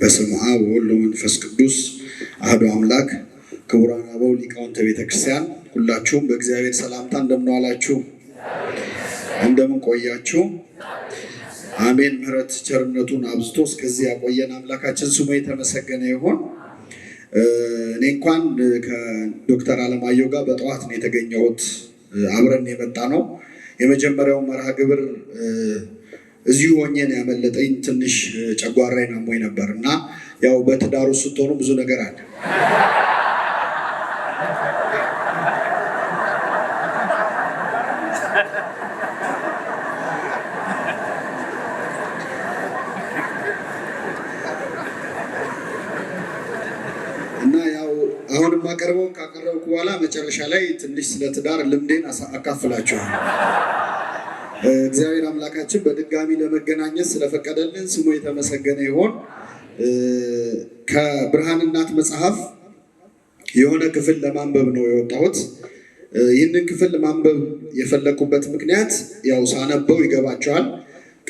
በስመ አብ ወወልድ ወመንፈስ ቅዱስ አህዶ አምላክ። ክቡራን አበው ሊቃውንተ ቤተክርስቲያን ሁላችሁም በእግዚአብሔር ሰላምታ እንደምንዋላችሁ እንደምን ቆያችሁ? አሜን። ምሕረት ቸርነቱን አብዝቶ እስከዚህ ያቆየን አምላካችን ስሙ የተመሰገነ ይሁን። እኔ እንኳን ከዶክተር አለማየሁ ጋር በጠዋት ነው የተገኘሁት። አብረን የመጣ ነው የመጀመሪያው መርሃ ግብር እዚሁ ሆኜን ያመለጠኝ ትንሽ ጨጓራዬን አሞኝ ነበር እና ያው በትዳሩ ስትሆኑ ብዙ ነገር አለ። እና ያው አሁንም ማቀርበው ካቀረብኩ በኋላ መጨረሻ ላይ ትንሽ ስለ ትዳር ልምዴን አካፍላችኋል። እግዚአብሔር አምላካችን በድጋሚ ለመገናኘት ስለፈቀደልን ስሙ የተመሰገነ ይሆን። ከብርሃን እናት መጽሐፍ የሆነ ክፍል ለማንበብ ነው የወጣሁት። ይህንን ክፍል ማንበብ የፈለኩበት ምክንያት ያው ሳነበው ይገባቸዋል።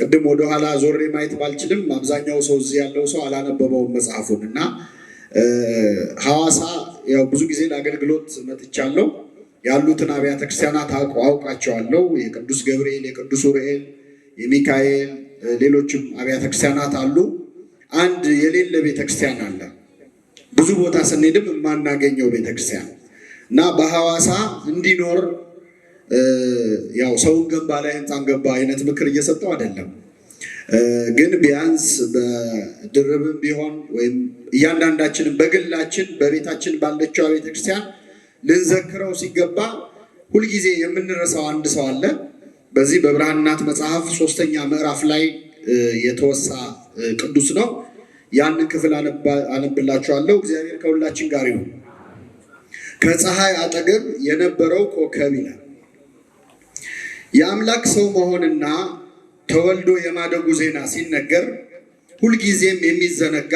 ቅድም ወደኋላ ዞሬ ማየት ባልችልም አብዛኛው ሰው እዚህ ያለው ሰው አላነበበውም መጽሐፉን እና ሐዋሳ ያው ብዙ ጊዜ ለአገልግሎት መጥቻለሁ። ያሉትን አብያተ ክርስቲያናት አውቃቸዋለሁ። የቅዱስ ገብርኤል፣ የቅዱስ ኡርኤል፣ የሚካኤል ሌሎችም አብያተ ክርስቲያናት አሉ። አንድ የሌለ ቤተክርስቲያን አለ። ብዙ ቦታ ስንሄድም የማናገኘው ቤተክርስቲያን እና በሐዋሳ እንዲኖር ያው ሰውን ገንባ ላይ ህንፃን ገንባ አይነት ምክር እየሰጠው አይደለም፣ ግን ቢያንስ በድርብም ቢሆን ወይም እያንዳንዳችንም በግላችን በቤታችን ባለችው ቤተክርስቲያን ልንዘክረው ሲገባ ሁልጊዜ የምንረሳው አንድ ሰው አለ። በዚህ በብርሃን እናት መጽሐፍ ሶስተኛ ምዕራፍ ላይ የተወሳ ቅዱስ ነው። ያንን ክፍል አነብላችኋለሁ። እግዚአብሔር ከሁላችን ጋር ይሁን። ከፀሐይ አጠገብ የነበረው ኮከብ ይላል። የአምላክ ሰው መሆንና ተወልዶ የማደጉ ዜና ሲነገር ሁልጊዜም የሚዘነጋ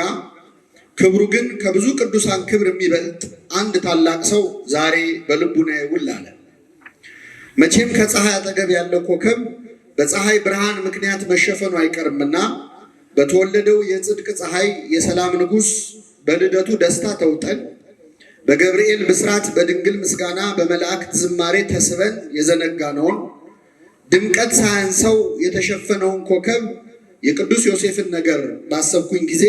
ክብሩ ግን ከብዙ ቅዱሳን ክብር የሚበልጥ አንድ ታላቅ ሰው ዛሬ በልቡናዬ ውል አለ። መቼም ከፀሐይ አጠገብ ያለ ኮከብ በፀሐይ ብርሃን ምክንያት መሸፈኑ አይቀርምና በተወለደው የጽድቅ ፀሐይ የሰላም ንጉሥ በልደቱ ደስታ ተውጠን በገብርኤል ብስራት በድንግል ምስጋና በመላእክት ዝማሬ ተስበን የዘነጋነውን ድምቀት ሳያንሰው የተሸፈነውን ኮከብ የቅዱስ ዮሴፍን ነገር ባሰብኩኝ ጊዜ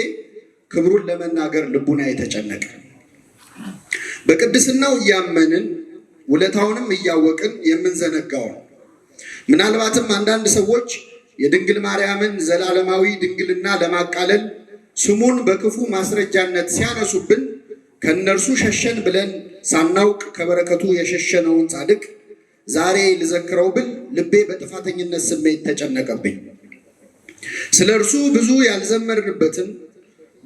ክብሩን ለመናገር ልቡና የተጨነቀ በቅድስናው እያመንን ውለታውንም እያወቅን የምንዘነጋው ነው። ምናልባትም አንዳንድ ሰዎች የድንግል ማርያምን ዘላለማዊ ድንግልና ለማቃለል ስሙን በክፉ ማስረጃነት ሲያነሱብን ከእነርሱ ሸሸን ብለን ሳናውቅ ከበረከቱ የሸሸነውን ጻድቅ ዛሬ ልዘክረው ብል ልቤ በጥፋተኝነት ስሜት ተጨነቀብኝ። ስለ እርሱ ብዙ ያልዘመርንበትን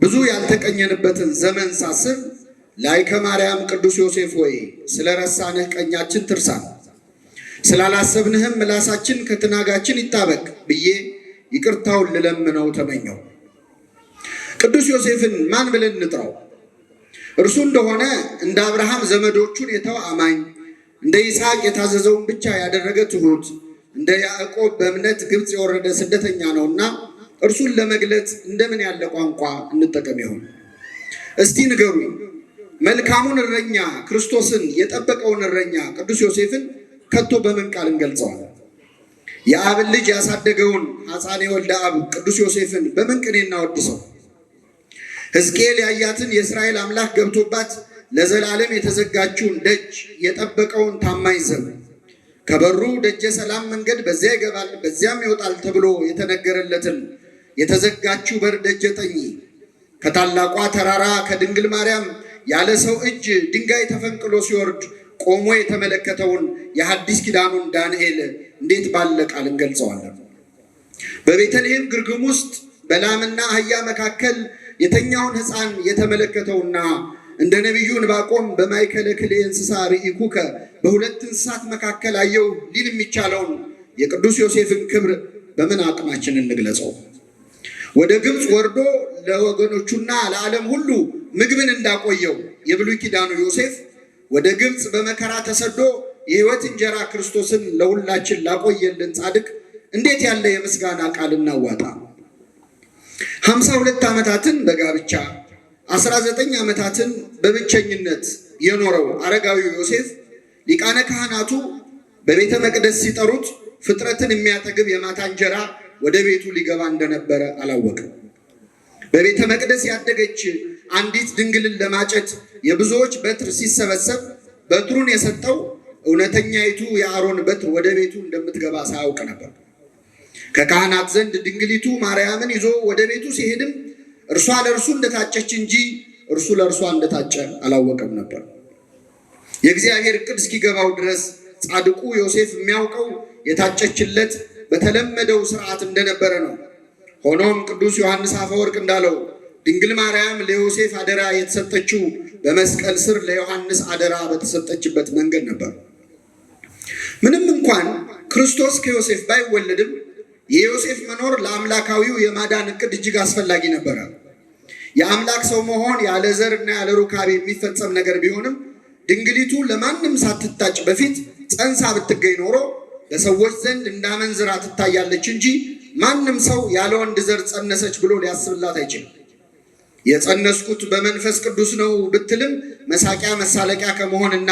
ብዙ ያልተቀኘንበትን ዘመን ሳስብ ላይከ ማርያም ቅዱስ ዮሴፍ ሆይ ስለ ረሳንህ ቀኛችን ትርሳን፣ ስላላሰብንህም ምላሳችን ከትናጋችን ይታበቅ ብዬ ይቅርታውን ልለምነው ተመኘው። ቅዱስ ዮሴፍን ማን ብለን እንጥራው? እርሱ እንደሆነ እንደ አብርሃም ዘመዶቹን የተው አማኝ፣ እንደ ይስሐቅ የታዘዘውን ብቻ ያደረገ ትሑት፣ እንደ ያዕቆብ በእምነት ግብፅ የወረደ ስደተኛ ነውና እርሱን ለመግለጽ እንደምን ያለ ቋንቋ እንጠቀም ይሆን? እስቲ ንገሩ። መልካሙን እረኛ ክርስቶስን የጠበቀውን እረኛ ቅዱስ ዮሴፍን ከቶ በምን ቃል እንገልጸዋል? የአብን ልጅ ያሳደገውን ሕፃኔ ወልደ አብ ቅዱስ ዮሴፍን በምን ቅኔ እናወድሰው? ሕዝቅኤል ያያትን የእስራኤል አምላክ ገብቶባት ለዘላለም የተዘጋችውን ደጅ የጠበቀውን ታማኝ ዘብ ከበሩ ደጀ ሰላም መንገድ በዚያ ይገባል በዚያም ይወጣል ተብሎ የተነገረለትን የተዘጋችው በር ደጀ ጠኚ ከታላቋ ተራራ ከድንግል ማርያም ያለ ሰው እጅ ድንጋይ ተፈንቅሎ ሲወርድ ቆሞ የተመለከተውን የሐዲስ ኪዳኑን ዳንኤል እንዴት ባለ ቃል እንገልጸዋለን? በቤተልሔም ግርግም ውስጥ በላምና አህያ መካከል የተኛውን ሕፃን የተመለከተውና እንደ ነቢዩ ዕንባቆም በማእከለ ክልኤ እንስሳ ርኢኩከ በሁለት እንስሳት መካከል አየው ሊል የሚቻለውን የቅዱስ ዮሴፍን ክብር በምን አቅማችን እንግለጸው? ወደ ግብፅ ወርዶ ለወገኖቹና ለዓለም ሁሉ ምግብን እንዳቆየው የብሉይ ኪዳኑ ዮሴፍ ወደ ግብፅ በመከራ ተሰዶ የሕይወት እንጀራ ክርስቶስን ለሁላችን ላቆየልን ጻድቅ እንዴት ያለ የምስጋና ቃል እናዋጣ! ሀምሳ ሁለት ዓመታትን በጋብቻ አስራ ዘጠኝ ዓመታትን በብቸኝነት የኖረው አረጋዊው ዮሴፍ ሊቃነ ካህናቱ በቤተ መቅደስ ሲጠሩት ፍጥረትን የሚያጠግብ የማታ እንጀራ ወደ ቤቱ ሊገባ እንደነበረ አላወቅም። በቤተ መቅደስ ያደገች አንዲት ድንግልን ለማጨት የብዙዎች በትር ሲሰበሰብ በትሩን የሰጠው እውነተኛይቱ የአሮን በትር ወደ ቤቱ እንደምትገባ ሳያውቅ ነበር። ከካህናት ዘንድ ድንግሊቱ ማርያምን ይዞ ወደ ቤቱ ሲሄድም እርሷ ለእርሱ እንደታጨች እንጂ እርሱ ለእርሷ እንደታጨ አላወቀም ነበር። የእግዚአብሔር ዕቅድ እስኪገባው ድረስ ጻድቁ ዮሴፍ የሚያውቀው የታጨችለት በተለመደው ስርዓት እንደነበረ ነው። ሆኖም ቅዱስ ዮሐንስ አፈወርቅ እንዳለው ድንግል ማርያም ለዮሴፍ አደራ የተሰጠችው በመስቀል ስር ለዮሐንስ አደራ በተሰጠችበት መንገድ ነበር። ምንም እንኳን ክርስቶስ ከዮሴፍ ባይወለድም የዮሴፍ መኖር ለአምላካዊው የማዳን እቅድ እጅግ አስፈላጊ ነበረ። የአምላክ ሰው መሆን ያለ ዘር እና ያለ ሩካቤ የሚፈጸም ነገር ቢሆንም ድንግሊቱ ለማንም ሳትታጭ በፊት ጸንሳ ብትገኝ ኖሮ በሰዎች ዘንድ እንዳመንዝራ ትታያለች እንጂ ማንም ሰው ያለ ወንድ ዘር ጸነሰች ብሎ ሊያስብላት አይችልም። የጸነስኩት በመንፈስ ቅዱስ ነው ብትልም መሳቂያ መሳለቂያ ከመሆንና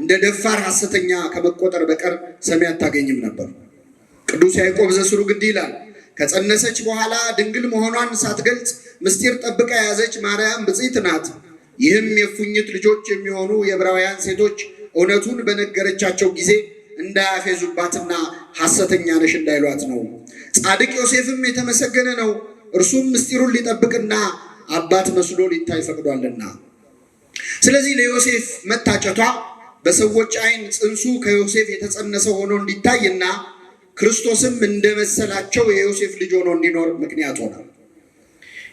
እንደ ደፋር ሐሰተኛ ከመቆጠር በቀር ሰሚ አታገኝም ነበር። ቅዱስ ያዕቆብ ግድ ይላል፣ ከጸነሰች በኋላ ድንግል መሆኗን ሳትገልጽ ምስጢር ጠብቃ የያዘች ማርያም ብፅዕት ናት። ይህም የፉኝት ልጆች የሚሆኑ የዕብራውያን ሴቶች እውነቱን በነገረቻቸው ጊዜ እንዳያፌዙባትና ሐሰተኛ ነሽ እንዳይሏት ነው። ጻድቅ ዮሴፍም የተመሰገነ ነው፣ እርሱም ምስጢሩን ሊጠብቅና አባት መስሎ ሊታይ ፈቅዷልና። ስለዚህ ለዮሴፍ መታጨቷ በሰዎች ዓይን ጽንሱ ከዮሴፍ የተጸነሰ ሆኖ እንዲታይና ክርስቶስም እንደመሰላቸው የዮሴፍ ልጅ ሆኖ እንዲኖር ምክንያት ሆነ።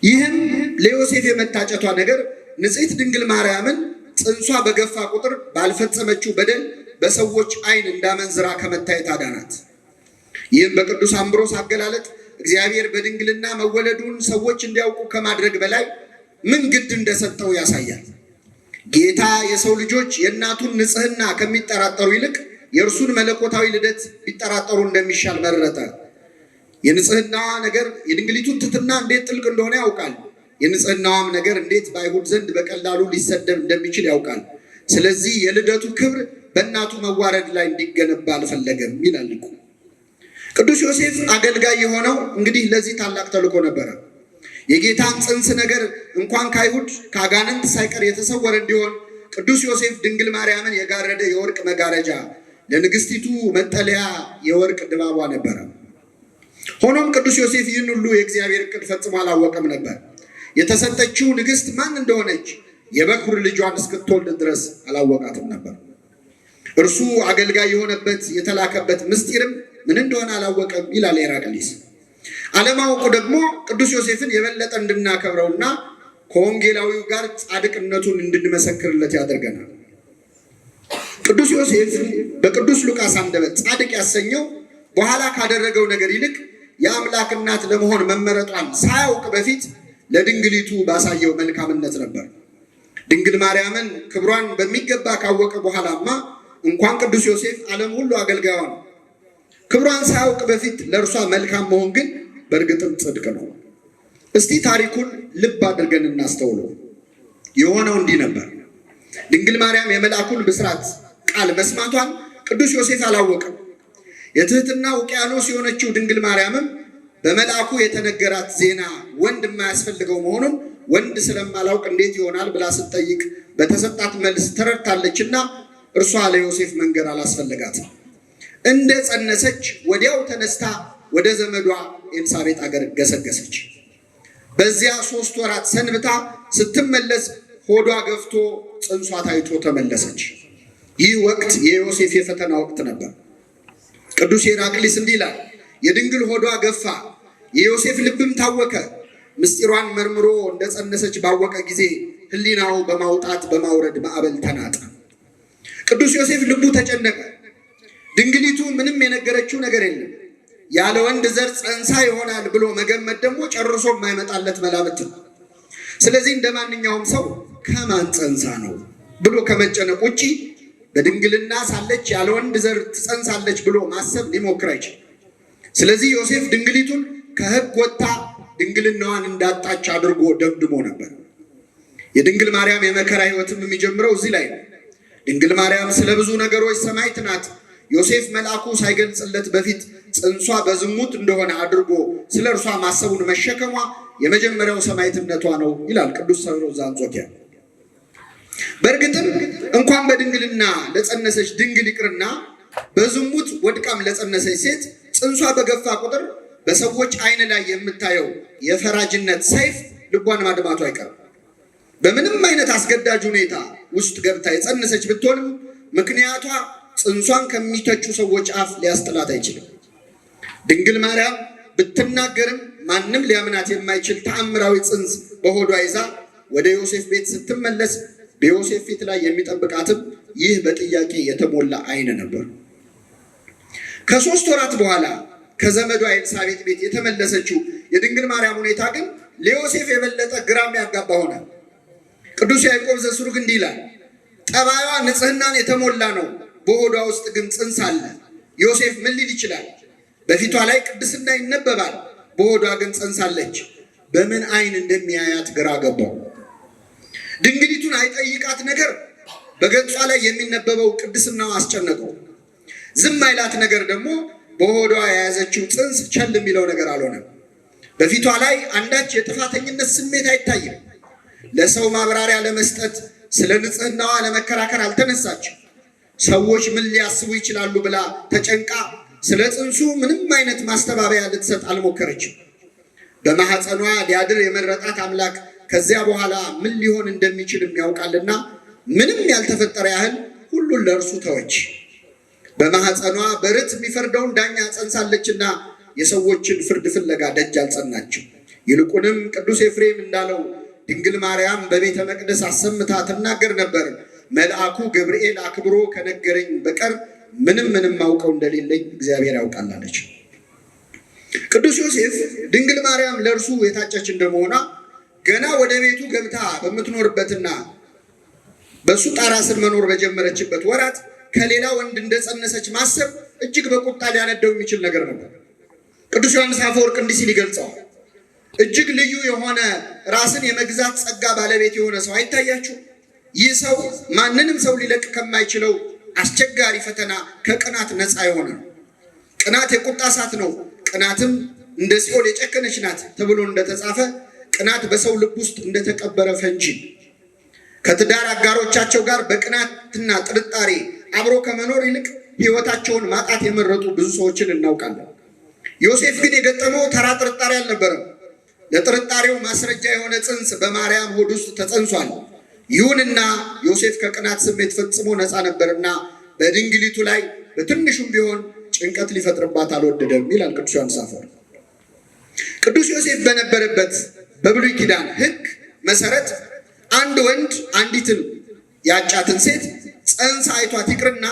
ይህም ለዮሴፍ የመታጨቷ ነገር ንጽሕት ድንግል ማርያምን ጽንሷ በገፋ ቁጥር ባልፈጸመችው በደል በሰዎች አይን እንዳመንዝራ ከመታየት አዳናት። ይህም በቅዱስ አምብሮስ አገላለጥ እግዚአብሔር በድንግልና መወለዱን ሰዎች እንዲያውቁ ከማድረግ በላይ ምን ግድ እንደሰጠው ያሳያል። ጌታ የሰው ልጆች የእናቱን ንጽህና ከሚጠራጠሩ ይልቅ የእርሱን መለኮታዊ ልደት ቢጠራጠሩ እንደሚሻል መረጠ። የንጽህና ነገር የድንግሊቱን ትትና እንዴት ጥልቅ እንደሆነ ያውቃል። የንጽህናዋም ነገር እንዴት በአይሁድ ዘንድ በቀላሉ ሊሰደብ እንደሚችል ያውቃል። ስለዚህ የልደቱ ክብር በእናቱ መዋረድ ላይ እንዲገነባ አልፈለገም ይላል እኮ ቅዱስ ዮሴፍ አገልጋይ የሆነው እንግዲህ ለዚህ ታላቅ ተልእኮ ነበረ። የጌታን ጽንስ ነገር እንኳን ከአይሁድ ከአጋንንት ሳይቀር የተሰወረ እንዲሆን ቅዱስ ዮሴፍ ድንግል ማርያምን የጋረደ የወርቅ መጋረጃ፣ ለንግስቲቱ መጠለያ የወርቅ ድባቧ ነበረ። ሆኖም ቅዱስ ዮሴፍ ይህን ሁሉ የእግዚአብሔር እቅድ ፈጽሞ አላወቀም ነበር። የተሰጠችው ንግስት ማን እንደሆነች የበኩር ልጇን እስክትወልድ ድረስ አላወቃትም ነበር። እርሱ አገልጋይ የሆነበት የተላከበት ምስጢርም ምን እንደሆነ አላወቀም ይላል ሄራቅሊስ። አለማወቁ ደግሞ ቅዱስ ዮሴፍን የበለጠ እንድናከብረውና ከወንጌላዊው ጋር ጻድቅነቱን እንድንመሰክርለት ያደርገናል። ቅዱስ ዮሴፍ በቅዱስ ሉቃስ አንደበት ጻድቅ ያሰኘው በኋላ ካደረገው ነገር ይልቅ የአምላክ እናት ለመሆን መመረጧን ሳያውቅ በፊት ለድንግሊቱ ባሳየው መልካምነት ነበር። ድንግል ማርያምን ክብሯን በሚገባ ካወቀ በኋላማ እንኳን ቅዱስ ዮሴፍ ዓለም ሁሉ አገልጋዩ ነው። ክብሯን ሳያውቅ በፊት ለእርሷ መልካም መሆን ግን በእርግጥም ጽድቅ ነው። እስቲ ታሪኩን ልብ አድርገን እናስተውለው። የሆነው እንዲህ ነበር። ድንግል ማርያም የመልአኩን ብስራት ቃል መስማቷን ቅዱስ ዮሴፍ አላወቀም። የትህትና ውቅያኖስ የሆነችው ድንግል ማርያምም በመልአኩ የተነገራት ዜና ወንድ የማያስፈልገው መሆኑን ወንድ ስለማላውቅ እንዴት ይሆናል ብላ ስትጠይቅ በተሰጣት መልስ ተረድታለችና እርሷ ለዮሴፍ መንገድ አላስፈለጋትም። እንደ ጸነሰች ወዲያው ተነስታ ወደ ዘመዷ ኤልሳቤጥ አገር ገሰገሰች። በዚያ ሶስት ወራት ሰንብታ ስትመለስ ሆዷ ገፍቶ ጽንሷ ታይቶ ተመለሰች። ይህ ወቅት የዮሴፍ የፈተና ወቅት ነበር። ቅዱስ ሄራቅሊስ እንዲህ ይላል፣ የድንግል ሆዷ ገፋ፣ የዮሴፍ ልብም ታወከ። ምስጢሯን መርምሮ ጸነሰች ባወቀ ጊዜ ሕሊናው በማውጣት በማውረድ ማዕበል ተናጠ። ቅዱስ ዮሴፍ ልቡ ተጨነቀ። ድንግሊቱ ምንም የነገረችው ነገር የለም። ያለ ወንድ ዘር ፀንሳ ይሆናል ብሎ መገመት ደግሞ ጨርሶ የማይመጣለት መላምት ነው። ስለዚህ እንደ ማንኛውም ሰው ከማን ፀንሳ ነው ብሎ ከመጨነቅ ውጭ በድንግልና ሳለች ያለ ወንድ ዘር ትፀንሳለች ብሎ ማሰብ ሊሞክር አይችል። ስለዚህ ዮሴፍ ድንግሊቱን ከህግ ወጥታ ድንግልናዋን እንዳጣች አድርጎ ደምድሞ ነበር። የድንግል ማርያም የመከራ ህይወትም የሚጀምረው እዚህ ላይ ነው። ድንግል ማርያም ስለ ብዙ ነገሮች ሰማይት ናት። ዮሴፍ መልአኩ ሳይገልጽለት በፊት ጽንሷ በዝሙት እንደሆነ አድርጎ ስለ እርሷ ማሰቡን መሸከሟ የመጀመሪያው ሰማይትነቷ ነው ይላል ቅዱስ ሰውሮ ዘአንጾኪያ። በእርግጥም እንኳን በድንግልና ለጸነሰች ድንግል ይቅርና በዝሙት ወድቃም ለጸነሰች ሴት ጽንሷ በገፋ ቁጥር በሰዎች ዓይን ላይ የምታየው የፈራጅነት ሰይፍ ልቧን ማድማቱ አይቀርም። በምንም አይነት አስገዳጅ ሁኔታ ውስጥ ገብታ የጸነሰች ብትሆንም ምክንያቷ ጽንሷን ከሚተቹ ሰዎች አፍ ሊያስጥላት አይችልም። ድንግል ማርያም ብትናገርም ማንም ሊያምናት የማይችል ተአምራዊ ጽንስ በሆዷ ይዛ ወደ ዮሴፍ ቤት ስትመለስ በዮሴፍ ፊት ላይ የሚጠብቃትም ይህ በጥያቄ የተሞላ አይን ነበር። ከሶስት ወራት በኋላ ከዘመዷ ኤልሳቤጥ ቤት የተመለሰችው የድንግል ማርያም ሁኔታ ግን ለዮሴፍ የበለጠ ግራም ያጋባ ሆናል። ቅዱስ ያዕቆብ ዘስሩግ እንዲህ ይላል፣ ጠባዩዋ ንጽህናን የተሞላ ነው፣ በሆዷ ውስጥ ግን ጽንስ አለ። ዮሴፍ ምን ሊል ይችላል? በፊቷ ላይ ቅድስና ይነበባል፣ በሆዷ ግን ጽንስ አለች። በምን አይን እንደሚያያት ግራ ገባው። ድንግሊቱን አይጠይቃት ነገር በገጿ ላይ የሚነበበው ቅድስናው አስጨነቀው። ዝም አይላት ነገር ደግሞ በሆዷ የያዘችው ጽንስ ቸል የሚለው ነገር አልሆነም። በፊቷ ላይ አንዳች የጥፋተኝነት ስሜት አይታይም። ለሰው ማብራሪያ ለመስጠት ስለ ንጽህናዋ ለመከራከር አልተነሳችም። ሰዎች ምን ሊያስቡ ይችላሉ ብላ ተጨንቃ ስለ ጽንሱ ምንም አይነት ማስተባበያ ልትሰጥ አልሞከረችም። በማህፀኗ ሊያድር የመረጣት አምላክ ከዚያ በኋላ ምን ሊሆን እንደሚችልም ያውቃልና ምንም ያልተፈጠረ ያህል ሁሉን ለእርሱ ተወች። በማኅፀኗ በርት የሚፈርደውን ዳኛ ጸንሳለችና የሰዎችን ፍርድ ፍለጋ ደጅ አልጸናችም። ይልቁንም ቅዱስ ኤፍሬም እንዳለው ድንግል ማርያም በቤተ መቅደስ አሰምታ ትናገር ነበር። መልአኩ ገብርኤል አክብሮ ከነገረኝ በቀር ምንም ምንም አውቀው እንደሌለኝ እግዚአብሔር ያውቃል አለች። ቅዱስ ዮሴፍ ድንግል ማርያም ለእርሱ የታጨች እንደመሆኗ ገና ወደ ቤቱ ገብታ በምትኖርበትና በእሱ ጣራ ስር መኖር በጀመረችበት ወራት ከሌላ ወንድ እንደጸነሰች ማሰብ እጅግ በቁጣ ሊያነደው የሚችል ነገር ነበር። ቅዱስ ዮሐንስ አፈወርቅ እንዲህ ሲል ይገልጸዋል። እጅግ ልዩ የሆነ ራስን የመግዛት ጸጋ ባለቤት የሆነ ሰው አይታያችሁ? ይህ ሰው ማንንም ሰው ሊለቅ ከማይችለው አስቸጋሪ ፈተና ከቅናት ነፃ የሆነ ነው። ቅናት የቁጣ እሳት ነው። ቅናትም እንደ ሲኦል የጨከነች ናት ተብሎ እንደተጻፈ ቅናት በሰው ልብ ውስጥ እንደተቀበረ ፈንጂ ከትዳር አጋሮቻቸው ጋር በቅናትና ጥርጣሬ አብሮ ከመኖር ይልቅ ሕይወታቸውን ማጣት የመረጡ ብዙ ሰዎችን እናውቃለን። ዮሴፍ ግን የገጠመው ተራ ጥርጣሬ አልነበረም። ለጥርጣሬው ማስረጃ የሆነ ጽንስ በማርያም ሆድ ውስጥ ተጸንሷል። ይሁንና ዮሴፍ ከቅናት ስሜት ፈጽሞ ነፃ ነበርና በድንግሊቱ ላይ በትንሹም ቢሆን ጭንቀት ሊፈጥርባት አልወደደም ይላል ቅዱስ ዮሐንስ አፈወርቅ። ቅዱስ ዮሴፍ በነበረበት በብሉይ ኪዳን ሕግ መሰረት አንድ ወንድ አንዲትን ያጫትን ሴት ፀንሳ አይቷት ይቅርና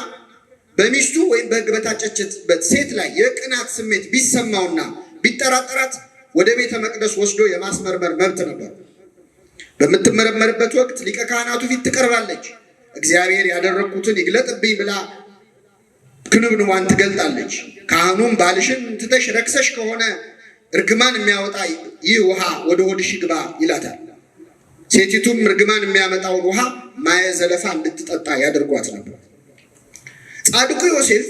በሚስቱ ወይም በሕግ በታጨችበት ሴት ላይ የቅናት ስሜት ቢሰማውና ቢጠራጠራት ወደ ቤተ መቅደስ ወስዶ የማስመርመር መብት ነበር። በምትመረመርበት ወቅት ሊቀ ካህናቱ ፊት ትቀርባለች። እግዚአብሔር ያደረግኩትን ይግለጥብኝ ብላ ክንብንዋን ትገልጣለች። ካህኑም ባልሽን ትተሽ ረክሰሽ ከሆነ እርግማን የሚያወጣ ይህ ውሃ ወደ ሆድሽ ግባ ይላታል። ሴቲቱም እርግማን የሚያመጣውን ውሃ ማየ ዘለፋ እንድትጠጣ ያደርጓት ነበር። ጻድቁ ዮሴፍ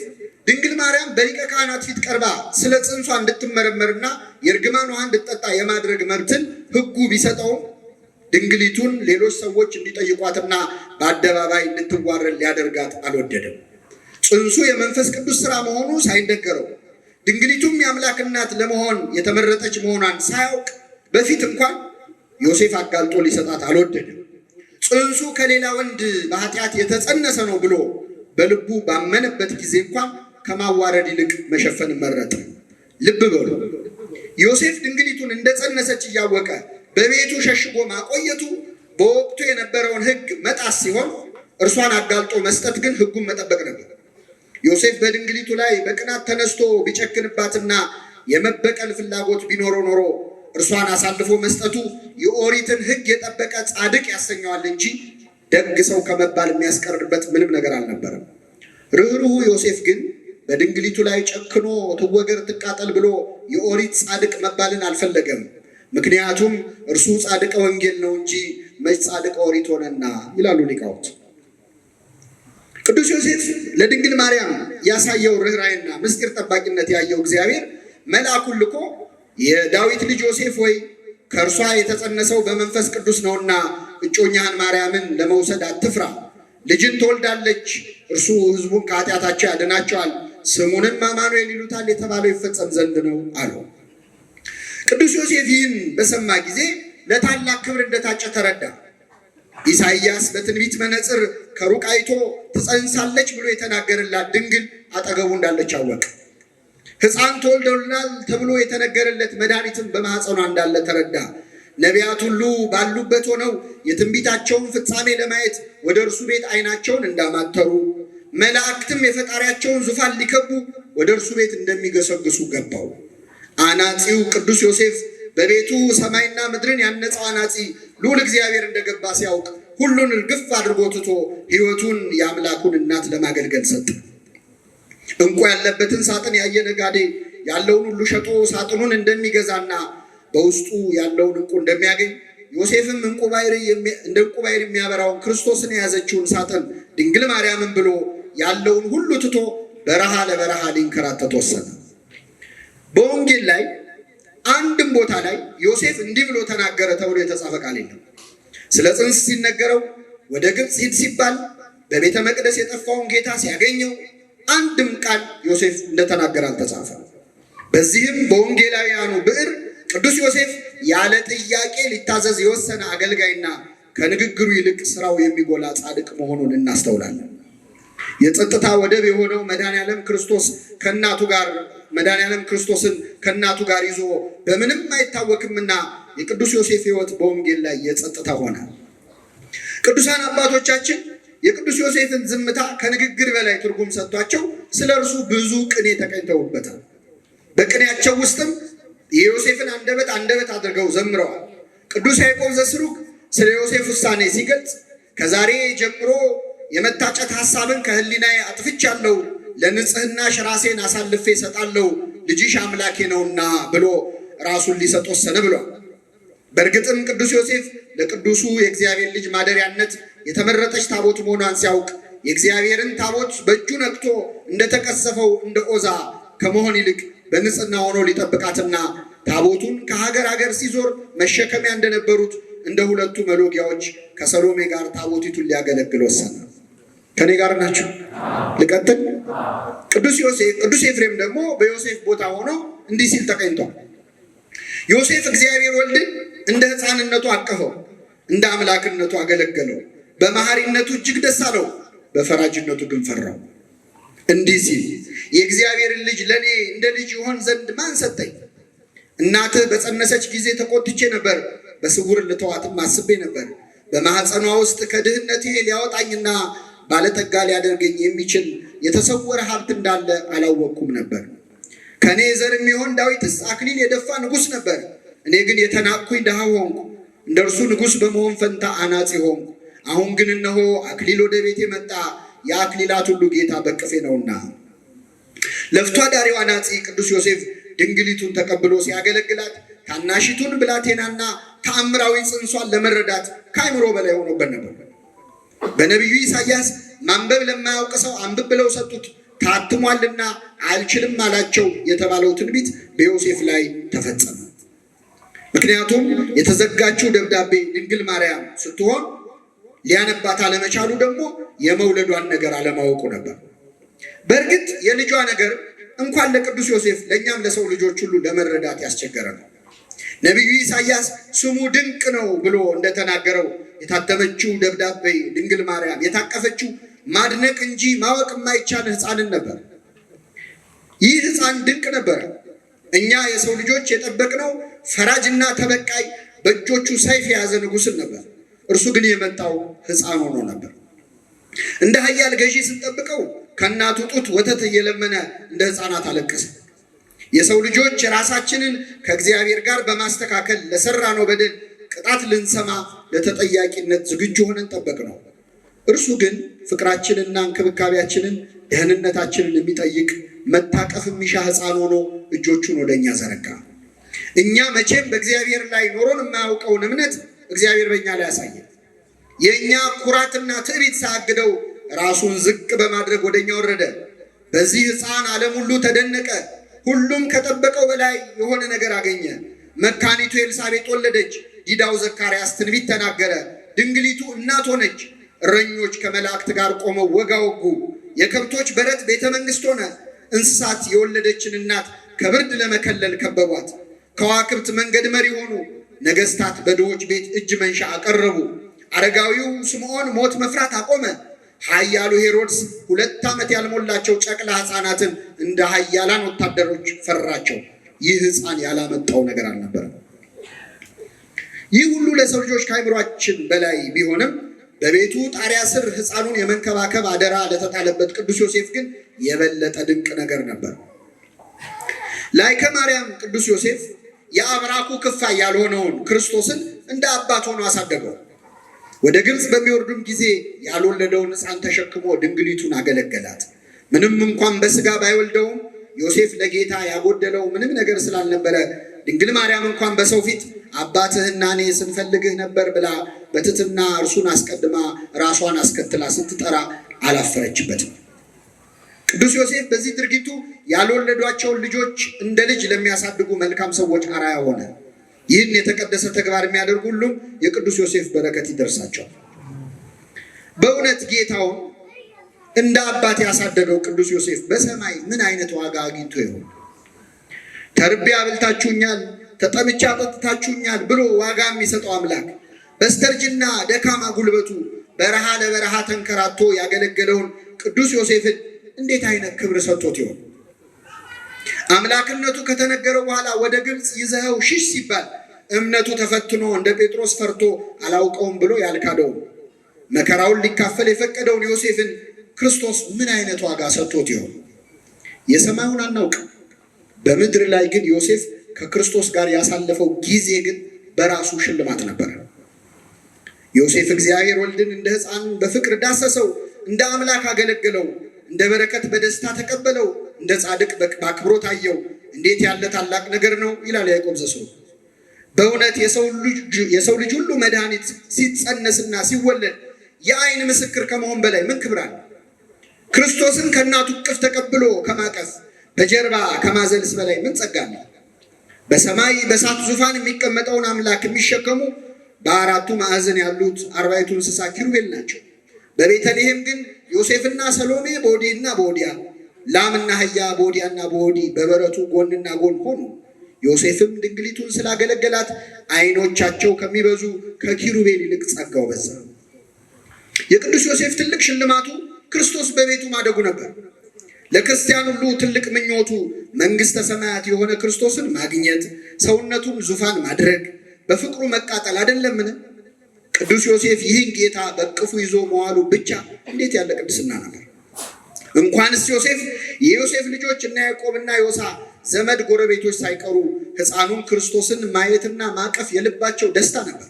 ድንግል ማርያም በሊቀ ካህናት ፊት ቀርባ ስለ ጽንሷ እንድትመረመርና የእርግማን ውሃ እንድትጠጣ የማድረግ መብትን ሕጉ ቢሰጠውም ድንግሊቱን ሌሎች ሰዎች እንዲጠይቋትና በአደባባይ እንድትዋረድ ሊያደርጋት አልወደደም። ጽንሱ የመንፈስ ቅዱስ ሥራ መሆኑ ሳይነገረው ድንግሊቱም የአምላክ እናት ለመሆን የተመረጠች መሆኗን ሳያውቅ በፊት እንኳን ዮሴፍ አጋልጦ ሊሰጣት አልወደደም። ጽንሱ ከሌላ ወንድ በኃጢአት የተጸነሰ ነው ብሎ በልቡ ባመነበት ጊዜ እንኳን ከማዋረድ ይልቅ መሸፈን መረጠ። ልብ በሉ። ዮሴፍ ድንግሊቱን እንደጸነሰች እያወቀ በቤቱ ሸሽጎ ማቆየቱ በወቅቱ የነበረውን ሕግ መጣስ ሲሆን እርሷን አጋልጦ መስጠት ግን ሕጉን መጠበቅ ነበር። ዮሴፍ በድንግሊቱ ላይ በቅናት ተነስቶ ቢጨክንባትና የመበቀል ፍላጎት ቢኖረው ኖሮ እርሷን አሳልፎ መስጠቱ የኦሪትን ሕግ የጠበቀ ጻድቅ ያሰኘዋል እንጂ ደግ ሰው ከመባል የሚያስቀርበት ምንም ነገር አልነበረም። ርኅሩሁ ዮሴፍ ግን በድንግሊቱ ላይ ጨክኖ ትወገር ትቃጠል ብሎ የኦሪት ጻድቅ መባልን አልፈለገም። ምክንያቱም እርሱ ጻድቀ ወንጌል ነው እንጂ መች ጻድቀ ኦሪት ሆነና ይላሉ ሊቃውንት። ቅዱስ ዮሴፍ ለድንግል ማርያም ያሳየው ርኅራይና ምስጢር ጠባቂነት ያየው እግዚአብሔር መልአኩን ልኮ የዳዊት ልጅ ዮሴፍ ወይ ከእርሷ የተጸነሰው በመንፈስ ቅዱስ ነውና እጮኛህን ማርያምን ለመውሰድ አትፍራ፣ ልጅን ትወልዳለች፣ እርሱ ሕዝቡን ከኃጢአታቸው ያድናቸዋል ስሙንም አማኑኤል ይሉታል የተባለው ይፈጸም ዘንድ ነው አለው። ቅዱስ ዮሴፍ ይህን በሰማ ጊዜ ለታላቅ ክብር እንደታጨ ተረዳ። ኢሳይያስ በትንቢት መነጽር ከሩቅ አይቶ ትጸንሳለች ብሎ የተናገረላት ድንግል አጠገቡ እንዳለች አወቀ። ሕፃን ተወልዶልናል ተብሎ የተነገረለት መድኃኒትም በማኅፀኗ እንዳለ ተረዳ። ነቢያት ሁሉ ባሉበት ሆነው የትንቢታቸውን ፍጻሜ ለማየት ወደ እርሱ ቤት ዓይናቸውን እንዳማተሩ መላእክትም የፈጣሪያቸውን ዙፋን ሊከቡ ወደ እርሱ ቤት እንደሚገሰግሱ ገባው። አናጺው ቅዱስ ዮሴፍ በቤቱ ሰማይና ምድርን ያነጸው አናጺ ልዑል እግዚአብሔር እንደገባ ሲያውቅ ሁሉን እርግፍ አድርጎ ትቶ ሕይወቱን የአምላኩን እናት ለማገልገል ሰጠ። እንቁ ያለበትን ሳጥን ያየ ነጋዴ ያለውን ሁሉ ሸጦ ሳጥኑን እንደሚገዛና በውስጡ ያለውን እንቁ እንደሚያገኝ ዮሴፍም እንደ እንቁ ባይር የሚያበራውን ክርስቶስን የያዘችውን ሳጥን ድንግል ማርያምን ብሎ ያለውን ሁሉ ትቶ በረሃ ለበረሃ ሊንከራተት ወሰነ። በወንጌል ላይ አንድም ቦታ ላይ ዮሴፍ እንዲህ ብሎ ተናገረ ተብሎ የተጻፈ ቃል የለም። ስለ ጽንስ ሲነገረው፣ ወደ ግብፅ ሂድ ሲባል፣ በቤተ መቅደስ የጠፋውን ጌታ ሲያገኘው አንድም ቃል ዮሴፍ እንደተናገረ አልተጻፈ። በዚህም በወንጌላውያኑ ብዕር ቅዱስ ዮሴፍ ያለ ጥያቄ ሊታዘዝ የወሰነ አገልጋይና ከንግግሩ ይልቅ ስራው የሚጎላ ጻድቅ መሆኑን እናስተውላለን። የጸጥታ ወደብ የሆነው መድኃኔዓለም ክርስቶስ ከእናቱ ጋር መድኃኔዓለም ክርስቶስን ከእናቱ ጋር ይዞ በምንም አይታወቅምና የቅዱስ ዮሴፍ ሕይወት በወንጌል ላይ የጸጥታ ሆነ። ቅዱሳን አባቶቻችን የቅዱስ ዮሴፍን ዝምታ ከንግግር በላይ ትርጉም ሰጥቷቸው ስለ እርሱ ብዙ ቅኔ ተቀኝተውበታል። በቅኔያቸው ውስጥም የዮሴፍን አንደበት አንደበት አድርገው ዘምረዋል። ቅዱስ ያዕቆብ ዘስሩግ ስለ ዮሴፍ ውሳኔ ሲገልጽ ከዛሬ ጀምሮ የመታጨት ሐሳብን ከህሊናዬ አጥፍቻለሁ፣ ለንጽህናሽ ራሴን አሳልፌ እሰጣለሁ፣ ልጅሽ አምላኬ ነውና ብሎ ራሱን ሊሰጥ ወሰነ ብሏል። በእርግጥም ቅዱስ ዮሴፍ ለቅዱሱ የእግዚአብሔር ልጅ ማደሪያነት የተመረጠች ታቦት መሆኗን ሲያውቅ የእግዚአብሔርን ታቦት በእጁ ነክቶ እንደተቀሰፈው እንደ ኦዛ ከመሆን ይልቅ በንጽህና ሆኖ ሊጠብቃትና ታቦቱን ከሀገር ሀገር ሲዞር መሸከሚያ እንደነበሩት እንደ ሁለቱ መሎጊያዎች ከሰሎሜ ጋር ታቦቲቱን ሊያገለግል ወሰነ። ከኔ ጋር ናቸው። ልቀጥል። ቅዱስ ዮሴፍ ቅዱስ ኤፍሬም ደግሞ በዮሴፍ ቦታ ሆኖ እንዲህ ሲል ተቀኝቷል። ዮሴፍ እግዚአብሔር ወልድን እንደ ሕፃንነቱ አቀፈው፣ እንደ አምላክነቱ አገለገለው። በመሐሪነቱ እጅግ ደስ አለው፣ በፈራጅነቱ ግን ፈራው። እንዲህ ሲል የእግዚአብሔርን ልጅ ለእኔ እንደ ልጅ ይሆን ዘንድ ማን ሰጠኝ? እናትህ በጸነሰች ጊዜ ተቆጥቼ ነበር፣ በስውር ልተዋትም አስቤ ነበር። በማኅፀኗ ውስጥ ከድህነቴ ሊያወጣኝና ባለጠጋ ሊያደርገኝ የሚችል የተሰወረ ሀብት እንዳለ አላወቅኩም ነበር። ከእኔ ዘር የሚሆን ዳዊትስ አክሊል የደፋ ንጉሥ ነበር። እኔ ግን የተናኩኝ ድሃ ሆንኩ፣ እንደ እርሱ ንጉሥ በመሆን ፈንታ አናጺ ሆንኩ። አሁን ግን እነሆ አክሊል ወደ ቤቴ መጣ፣ የአክሊላት ሁሉ ጌታ በቅፌ ነውና። ለፍቶ አዳሪው አናጺ ቅዱስ ዮሴፍ ድንግሊቱን ተቀብሎ ሲያገለግላት ታናሺቱን ብላቴናና ተአምራዊ ጽንሷን ለመረዳት ከአይምሮ በላይ ሆኖበት ነበር። በነቢዩ ኢሳያስ ማንበብ ለማያውቅ ሰው አንብብ ብለው ሰጡት፣ ታትሟልና አልችልም አላቸው የተባለው ትንቢት በዮሴፍ ላይ ተፈጸመ። ምክንያቱም የተዘጋችው ደብዳቤ ድንግል ማርያም ስትሆን ሊያነባት አለመቻሉ ደግሞ የመውለዷን ነገር አለማወቁ ነበር። በእርግጥ የልጇ ነገር እንኳን ለቅዱስ ዮሴፍ ለእኛም ለሰው ልጆች ሁሉ ለመረዳት ያስቸገረ ነው። ነቢዩ ኢሳያስ ስሙ ድንቅ ነው ብሎ እንደተናገረው የታተመችው ደብዳቤ ድንግል ማርያም የታቀፈችው ማድነቅ እንጂ ማወቅ የማይቻል ህፃንን ነበር። ይህ ህፃን ድንቅ ነበረ። እኛ የሰው ልጆች የጠበቅነው ፈራጅና ተበቃይ በእጆቹ ሰይፍ የያዘ ንጉስን ነበር። እርሱ ግን የመጣው ህፃን ሆኖ ነበር። እንደ ኃያል ገዢ ስንጠብቀው ከእናቱ ጡት ወተት እየለመነ እንደ ህፃናት አለቀሰ። የሰው ልጆች ራሳችንን ከእግዚአብሔር ጋር በማስተካከል ለሰራ ነው በደል ቅጣት ልንሰማ ለተጠያቂነት ዝግጁ ሆነን ጠበቅ ነው። እርሱ ግን ፍቅራችንና እንክብካቤያችንን ደህንነታችንን የሚጠይቅ መታቀፍ የሚሻ ሕፃን ሆኖ እጆቹን ወደ እኛ ዘረጋ። እኛ መቼም በእግዚአብሔር ላይ ኖሮን የማያውቀውን እምነት እግዚአብሔር በእኛ ላይ ያሳየ የእኛ ኩራትና ትዕቢት ሳያግደው ራሱን ዝቅ በማድረግ ወደ እኛ ወረደ። በዚህ ሕፃን ዓለም ሁሉ ተደነቀ። ሁሉም ከጠበቀው በላይ የሆነ ነገር አገኘ። መካኒቱ ኤልሳቤጥ ወለደች። ዲዳው ዘካርያስ ትንቢት ተናገረ። ድንግሊቱ እናት ሆነች። እረኞች ከመላእክት ጋር ቆመው ወጋ ወጉ። የከብቶች በረት ቤተ መንግሥት ሆነ። እንስሳት የወለደችን እናት ከብርድ ለመከለል ከበቧት። ከዋክብት መንገድ መሪ ሆኑ። ነገሥታት በድሆች ቤት እጅ መንሻ አቀረቡ። አረጋዊው ስምዖን ሞት መፍራት አቆመ። ኃያሉ ሄሮድስ ሁለት ዓመት ያልሞላቸው ጨቅላ ሕፃናትን እንደ ኃያላን ወታደሮች ፈራቸው። ይህ ሕፃን ያላመጣው ነገር አልነበረም። ይህ ሁሉ ለሰው ልጆች ከአይምሯችን በላይ ቢሆንም በቤቱ ጣሪያ ስር ህፃኑን የመንከባከብ አደራ ለተጣለበት ቅዱስ ዮሴፍ ግን የበለጠ ድንቅ ነገር ነበር። ላይከ ማርያም ቅዱስ ዮሴፍ የአብራኩ ክፋይ ያልሆነውን ክርስቶስን እንደ አባት ሆኖ አሳደገው። ወደ ግብፅ በሚወርዱም ጊዜ ያልወለደውን ህፃን ተሸክሞ ድንግሊቱን አገለገላት። ምንም እንኳን በስጋ ባይወልደውም ዮሴፍ ለጌታ ያጎደለው ምንም ነገር ስላልነበረ ድንግል ማርያም እንኳን በሰው ፊት አባትህና እኔ ስንፈልግህ ነበር ብላ በትትና እርሱን አስቀድማ ራሷን አስከትላ ስትጠራ አላፈረችበትም። ቅዱስ ዮሴፍ በዚህ ድርጊቱ ያልወለዷቸውን ልጆች እንደ ልጅ ለሚያሳድጉ መልካም ሰዎች አራያ ሆነ። ይህን የተቀደሰ ተግባር የሚያደርጉ ሁሉም የቅዱስ ዮሴፍ በረከት ይደርሳቸዋል። በእውነት ጌታውን እንደ አባት ያሳደገው ቅዱስ ዮሴፍ በሰማይ ምን አይነት ዋጋ አግኝቶ ይሆን? ተርቤ አብልታችሁኛል፣ ተጠምቼ አጠጥታችሁኛል ብሎ ዋጋ የሚሰጠው አምላክ በስተርጅና ደካማ ጉልበቱ በረሃ ለበረሃ ተንከራቶ ያገለገለውን ቅዱስ ዮሴፍን እንዴት አይነት ክብር ሰጥቶት ይሆን? አምላክነቱ ከተነገረው በኋላ ወደ ግብፅ ይዘኸው ሽሽ ሲባል እምነቱ ተፈትኖ እንደ ጴጥሮስ ፈርቶ አላውቀውም ብሎ ያልካደው መከራውን ሊካፈል የፈቀደውን ዮሴፍን ክርስቶስ ምን አይነት ዋጋ ሰጥቶት ይሆን? የሰማዩን አናውቅም። በምድር ላይ ግን ዮሴፍ ከክርስቶስ ጋር ያሳለፈው ጊዜ ግን በራሱ ሽልማት ነበር። ዮሴፍ እግዚአብሔር ወልድን እንደ ሕፃን በፍቅር ዳሰሰው፣ እንደ አምላክ አገለገለው፣ እንደ በረከት በደስታ ተቀበለው፣ እንደ ጻድቅ በአክብሮ አየው። እንዴት ያለ ታላቅ ነገር ነው ይላል ያዕቆብ ዘሥሩግ። በእውነት የሰው ልጅ ሁሉ መድኃኒት ሲጸነስና ሲወለድ የአይን ምስክር ከመሆን በላይ ምን ክብራል? ክርስቶስን ከእናቱ እቅፍ ተቀብሎ ከማቀፍ በጀርባ ከማዘልስ በላይ ምን ጸጋ ነው? በሰማይ በእሳት ዙፋን የሚቀመጠውን አምላክ የሚሸከሙ በአራቱ ማዕዘን ያሉት አርባዕቱ እንስሳ ኪሩቤል ናቸው። በቤተልሔም ግን ዮሴፍና ሰሎሜ በወዲህና በወዲያ ላምና አህያ በወዲያና በወዲህ በበረቱ ጎንና ጎን ሆኑ። ዮሴፍም ድንግሊቱን ስላገለገላት ዓይኖቻቸው ከሚበዙ ከኪሩቤል ይልቅ ጸጋው በዛ። የቅዱስ ዮሴፍ ትልቅ ሽልማቱ ክርስቶስ በቤቱ ማደጉ ነበር። ለክርስቲያን ሁሉ ትልቅ ምኞቱ መንግስተ ሰማያት የሆነ ክርስቶስን ማግኘት፣ ሰውነቱን ዙፋን ማድረግ፣ በፍቅሩ መቃጠል አይደለምን? ቅዱስ ዮሴፍ ይህን ጌታ በቅፉ ይዞ መዋሉ ብቻ እንዴት ያለ ቅድስና ነበር! እንኳንስ ዮሴፍ የዮሴፍ ልጆች እና ያዕቆብና ዮሳ ዘመድ ጎረቤቶች ሳይቀሩ ሕፃኑን ክርስቶስን ማየትና ማቀፍ የልባቸው ደስታ ነበር።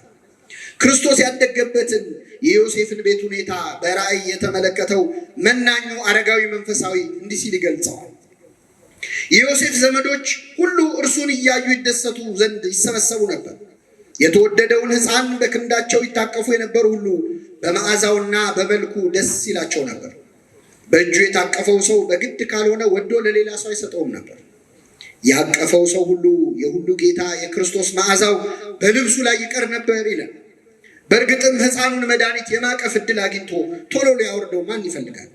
ክርስቶስ ያደገበትን የዮሴፍን ቤት ሁኔታ በራእይ የተመለከተው መናኙ አረጋዊ መንፈሳዊ እንዲህ ሲል ይገልጸዋል። የዮሴፍ ዘመዶች ሁሉ እርሱን እያዩ ይደሰቱ ዘንድ ይሰበሰቡ ነበር። የተወደደውን ሕፃን በክንዳቸው ይታቀፉ የነበሩ ሁሉ በመዓዛውና በመልኩ ደስ ይላቸው ነበር። በእጁ የታቀፈው ሰው በግድ ካልሆነ ወዶ ለሌላ ሰው አይሰጠውም ነበር። ያቀፈው ሰው ሁሉ የሁሉ ጌታ የክርስቶስ መዓዛው በልብሱ ላይ ይቀር ነበር ይላል። በእርግጥም ሕፃኑን መድኃኒት የማቀፍ እድል አግኝቶ ቶሎ ሊያወርደው ማን ይፈልጋል?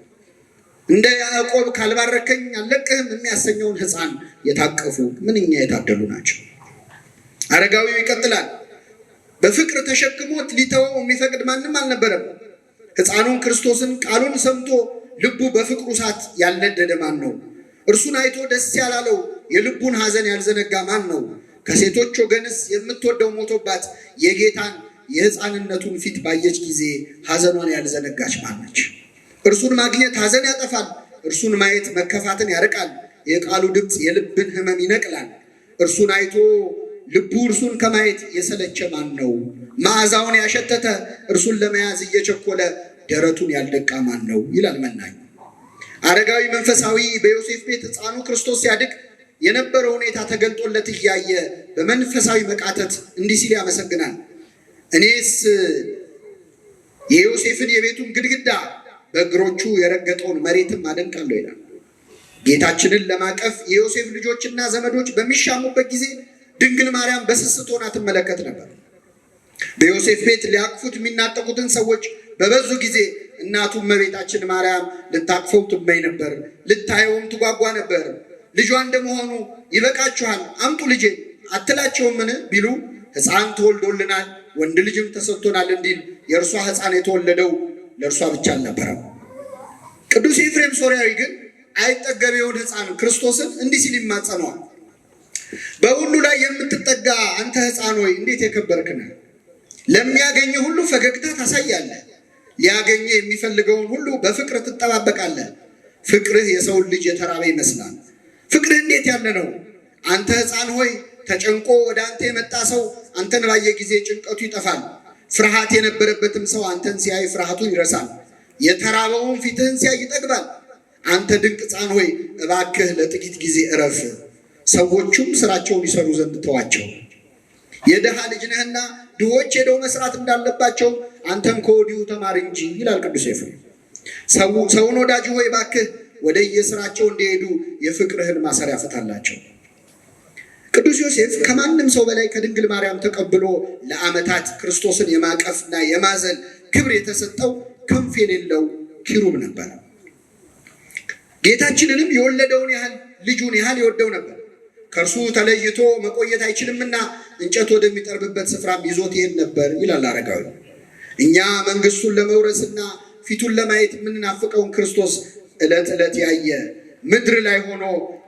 እንደ ያዕቆብ ካልባረከኝ አለቅህም የሚያሰኘውን ሕፃን የታቀፉ ምንኛ የታደሉ ናቸው። አረጋዊው ይቀጥላል። በፍቅር ተሸክሞት ሊተወው የሚፈቅድ ማንም አልነበረም። ሕፃኑን ክርስቶስን ቃሉን ሰምቶ ልቡ በፍቅሩ እሳት ያልነደደ ማን ነው? እርሱን አይቶ ደስ ያላለው የልቡን ሐዘን ያልዘነጋ ማን ነው? ከሴቶች ወገንስ የምትወደው ሞቶባት የጌታን የሕፃንነቱን ፊት ባየች ጊዜ ሐዘኗን ያልዘነጋች ማነች? እርሱን ማግኘት ሐዘን ያጠፋል። እርሱን ማየት መከፋትን ያርቃል። የቃሉ ድምፅ የልብን ሕመም ይነቅላል። እርሱን አይቶ ልቡ እርሱን ከማየት የሰለቸ ማን ነው? መዓዛውን ያሸተተ እርሱን ለመያዝ እየቸኮለ ደረቱን ያልደቃ ማን ነው? ይላል መናኝ። አረጋዊ መንፈሳዊ በዮሴፍ ቤት ሕፃኑ ክርስቶስ ሲያድግ የነበረው ሁኔታ ተገልጦለት እያየ በመንፈሳዊ መቃተት እንዲህ ሲል ያመሰግናል። እኔስ የዮሴፍን የቤቱን ግድግዳ በእግሮቹ የረገጠውን መሬትም አደንቃለሁ ይላል። ጌታችንን ለማቀፍ የዮሴፍ ልጆችና ዘመዶች በሚሻሙበት ጊዜ ድንግል ማርያም በስስት ሆና ትመለከት ነበር። በዮሴፍ ቤት ሊያቅፉት የሚናጠቁትን ሰዎች በበዙ ጊዜ እናቱ እመቤታችን ማርያም ልታቅፈው ትመኝ ነበር፣ ልታየውም ትጓጓ ነበር። ልጇ እንደመሆኑ ይበቃችኋል፣ አምጡ ልጄ አትላቸውምን ቢሉ ሕፃን ተወልዶልናል ወንድ ልጅም ተሰጥቶናል እንዲል የእርሷ ሕፃን የተወለደው ለእርሷ ብቻ አልነበረም። ቅዱስ ኤፍሬም ሶሪያዊ ግን አይጠገቤውን ሕፃን ክርስቶስን እንዲህ ሲል ይማጸነዋል። በሁሉ ላይ የምትጠጋ አንተ ሕፃን ሆይ እንዴት የከበርክ ነህ! ለሚያገኘ ሁሉ ፈገግታ ታሳያለህ። ሊያገኘ የሚፈልገውን ሁሉ በፍቅር ትጠባበቃለህ። ፍቅርህ የሰውን ልጅ የተራበ ይመስላል። ፍቅርህ እንዴት ያለ ነው! አንተ ሕፃን ሆይ ተጨንቆ ወደ አንተ የመጣ ሰው አንተን ባየ ጊዜ ጭንቀቱ ይጠፋል። ፍርሃት የነበረበትም ሰው አንተን ሲያይ ፍርሃቱን ይረሳል። የተራበውን ፊትህን ሲያይ ይጠግባል። አንተ ድንቅ ሕፃን ሆይ እባክህ ለጥቂት ጊዜ እረፍ፣ ሰዎቹም ስራቸውን ይሰሩ ዘንድ ተዋቸው። የድሃ ልጅ ነህና ድሆች ሄደው መስራት እንዳለባቸው አንተን ከወዲሁ ተማር እንጂ ይላል ቅዱስ ኤፍሬም። ሰውን ወዳጅ ሆይ እባክህ ወደ የስራቸው እንዲሄዱ የፍቅርህን ማሰሪያ ፈታላቸው። ቅዱስ ዮሴፍ ከማንም ሰው በላይ ከድንግል ማርያም ተቀብሎ ለዓመታት ክርስቶስን የማቀፍና የማዘል ክብር የተሰጠው ክንፍ የሌለው ኪሩብ ነበር። ጌታችንንም የወለደውን ያህል ልጁን ያህል ይወደው ነበር። ከእርሱ ተለይቶ መቆየት አይችልምና እንጨት ወደሚጠርብበት ስፍራም ይዞት ይሄድ ነበር ይላል አረጋዊ። እኛ መንግስቱን ለመውረስና ፊቱን ለማየት የምንናፍቀውን ክርስቶስ ዕለት ዕለት ያየ ምድር ላይ ሆኖ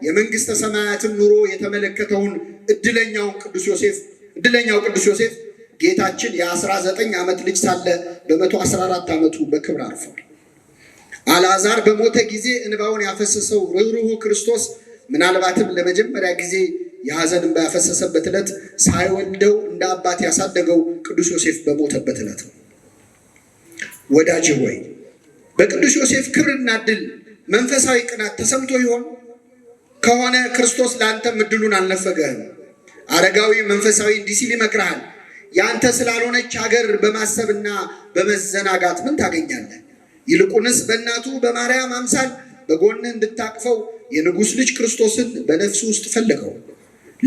የመንግስተ ሰማያትን ኑሮ የተመለከተውን እድለኛውን ቅዱስ ዮሴፍ እድለኛው ቅዱስ ዮሴፍ ጌታችን የ ዘጠኝ ዓመት ልጅ ሳለ በ114 ዓመቱ በክብር አርፏል። አልዓዛር በሞተ ጊዜ እንባውን ያፈሰሰው ርኅሩኅ ክርስቶስ ምናልባትም ለመጀመሪያ ጊዜ የሐዘን እንባ ያፈሰሰበት ዕለት ሳይወልደው እንደ አባት ያሳደገው ቅዱስ ዮሴፍ በሞተበት ዕለት ነው። ወዳጅ ሆይ በቅዱስ ዮሴፍ ክብርና ድል መንፈሳዊ ቅናት ተሰምቶ ይሆን? ከሆነ ክርስቶስ ለአንተ ምድሉን አልነፈገህም። አረጋዊ መንፈሳዊ እንዲህ ሲል ይመክርሃል። የአንተ ስላልሆነች ሀገር በማሰብና በመዘናጋት ምን ታገኛለህ? ይልቁንስ በእናቱ በማርያም አምሳል በጎንህ እንድታቅፈው የንጉሥ ልጅ ክርስቶስን በነፍሱ ውስጥ ፈለገው።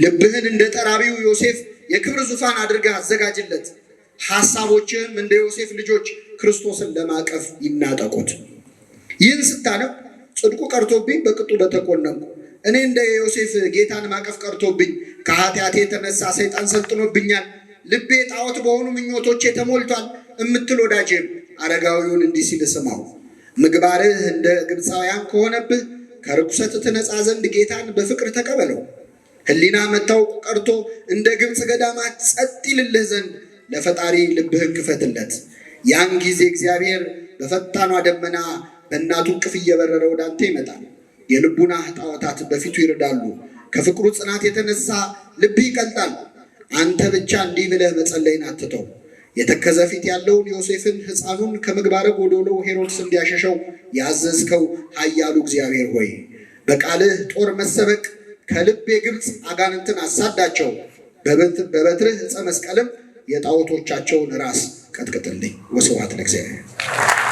ልብህን እንደ ጠራቢው ዮሴፍ የክብር ዙፋን አድርገህ አዘጋጅለት። ሐሳቦችህም እንደ ዮሴፍ ልጆች ክርስቶስን ለማቀፍ ይናጠቁት። ይህን ስታነብ ጽድቁ ቀርቶብኝ በቅጡ በተቆነንኩ እኔ እንደ ዮሴፍ ጌታን ማቀፍ ቀርቶብኝ ከኃጢአቴ የተነሳ ሰይጣን ሰልጥኖብኛል፣ ልቤ ጣዖት በሆኑ ምኞቶቼ ተሞልቷል እምትል ወዳጄም አረጋዊውን እንዲህ ሲል ስማው። ምግባርህ እንደ ግብፃውያን ከሆነብህ ከርኩሰት ትነጻ ዘንድ ጌታን በፍቅር ተቀበለው። ህሊና መታወቁ ቀርቶ እንደ ግብፅ ገዳማት ጸጥ ይልልህ ዘንድ ለፈጣሪ ልብህን ክፈትለት። ያን ጊዜ እግዚአብሔር በፈጣኗ ደመና በእናቱ ቅፍ እየበረረ ወደ አንተ ይመጣል። የልቡና ጣዖታት በፊቱ ይርዳሉ። ከፍቅሩ ጽናት የተነሳ ልብ ይቀልጣል። አንተ ብቻ እንዲህ ብለህ መጸለይን አትተው። የተከዘ ፊት ያለውን ዮሴፍን ሕፃኑን ከምግባረ ጎዶሎው ሄሮድስ እንዲያሸሸው ያዘዝከው ኃያሉ እግዚአብሔር ሆይ በቃልህ ጦር መሰበቅ ከልብ የግብፅ አጋንንትን አሳዳቸው። በበትርህ ዕፀ መስቀልም የጣዖቶቻቸውን ራስ ቀጥቅጥልኝ። ወስብሐት ለእግዚአብሔር።